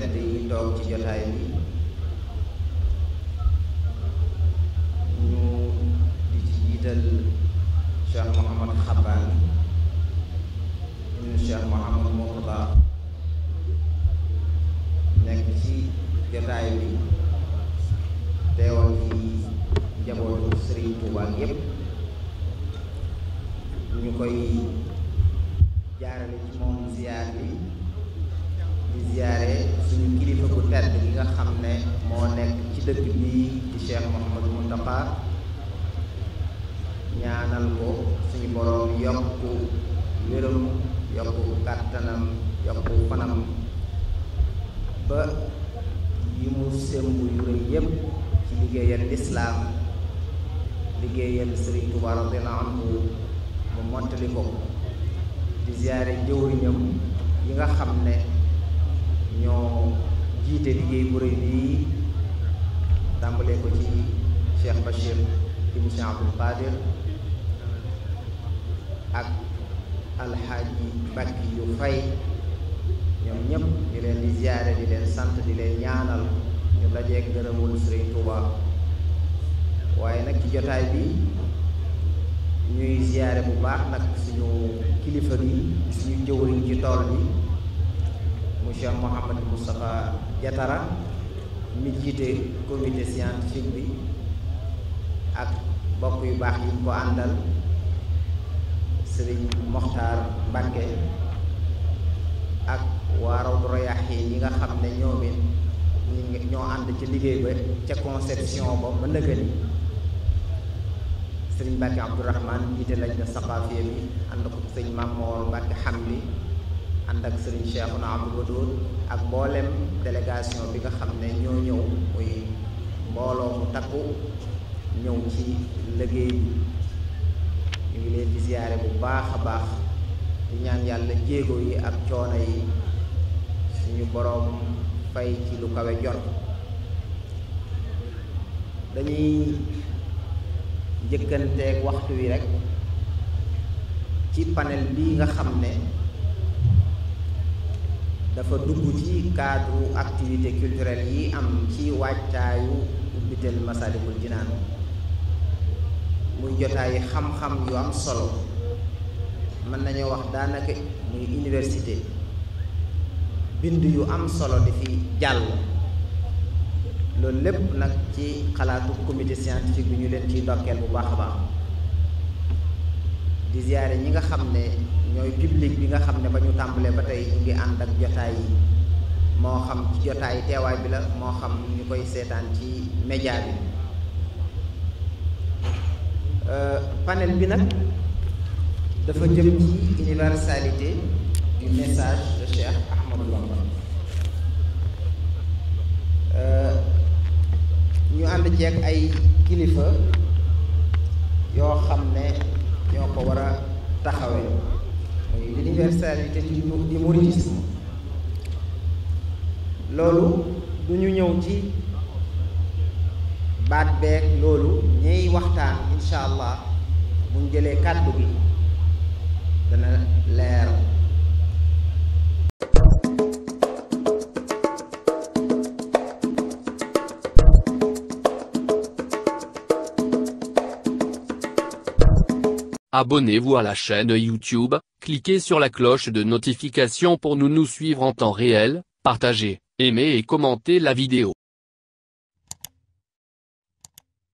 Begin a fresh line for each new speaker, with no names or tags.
tedd yi toog ci jotaay bi ñu di ci jiital Cheikh Mouhamad ñu Cheikh Mouhamad Mourtada nekk ci jotaay bi teewal fi njabootu Sëriñ Tuubaa yépp ñu koy jaarale ci moom di ziyaare suñu kilifa bu tedd bi nga xam ne moo nekk ci dëkk bii di cheikh mohamadou muntaka ñaanal ko suñu borom yokk wéram yokk kàttanam yokk fanam ba yi mu sembu yu rëy yépp ci liggéeyal lislaam liggéeyal sëriñ tuba radiallahu anhu mu montali ko di ziyaare jëwriñam yi nga xam ne ñoo jiite liggéey bu rëy bii tàmbalee ko ci Cheikh Bachir ibn Cheikh Abdul Qadir ak alxaaji Mbàkke yu fay ñoom ñëpp di leen di ziyaare di leen sant di leen ñaanal ñu dajeeg ngërëmul Sëriñ Tuuba waaye nag ci jotaay bi ñuy ziyaare bu baax nag suñu kilifa gi suñu jëwriñ ci tool bi mu Cheikh Mouhamadou Moustapha Diatara mi jiite comité scientifique bi ak bokk yu baax yi ko andal, Sëriñ Moxtaar Mbàkke ak waa Rawdu Rayaahiin yi nga xam ne ñoomin ñu ñoo ànd ci liggéey ba ca conception ba ba nëgëni Sëriñ Mbàkke Abdourahmane jiite lañ bi ko ànd ak sëriñ Cheikhouna Abdou Wadoud ak mboolem délégation bi nga xam ne ñoo ñëw muy mbooloo mu takku ñëw ci liggéey ñu ngi leen di ziyaare bu baax a baax di ñaan yàlla jéego yi ak coono yi suñu boroom fay ci lu kawe jot dañuy njëkkanteeg waxtu wi rekk ci panel bii nga xam ne dafa dugg ci cadre activité culturelle yi am ci wàccaayu ubbitel Masalikul Jinaan muy jotaayi xam-xam yu am solo mën nañoo wax daanaka muy université bind yu am solo di fi jàll loolu lépp nag ci xalaatu comité scientifique bi ñu leen ciy ndokkeel bu baax a baax di ñi nga xam ne ñooy public bi nga xam ne ba ñu tàmbalee ba tey ñu ngi ànd ak jotaay yi moo xam ci jotaay teewaay bi la moo xam ñu koy seetaan ci média bi euh, panel bi nag dafa jëm ci universalité du message de Cheikh Ahmadou euh, ñu ànd ceeg ay kilifa yoo xam ne ñoo ko war a taxawee muy l'universalité du mouridisme loolu du ñu ñëw ci baat beeg loolu ñuy waxtaan incha allah buñ jëlee kàddu bi dana leer Abonnez-vous à la chaîne YouTube, cliquez sur la cloche de notification pour nous nous suivre en temps réel, partagez, aimez et commentez la vidéo.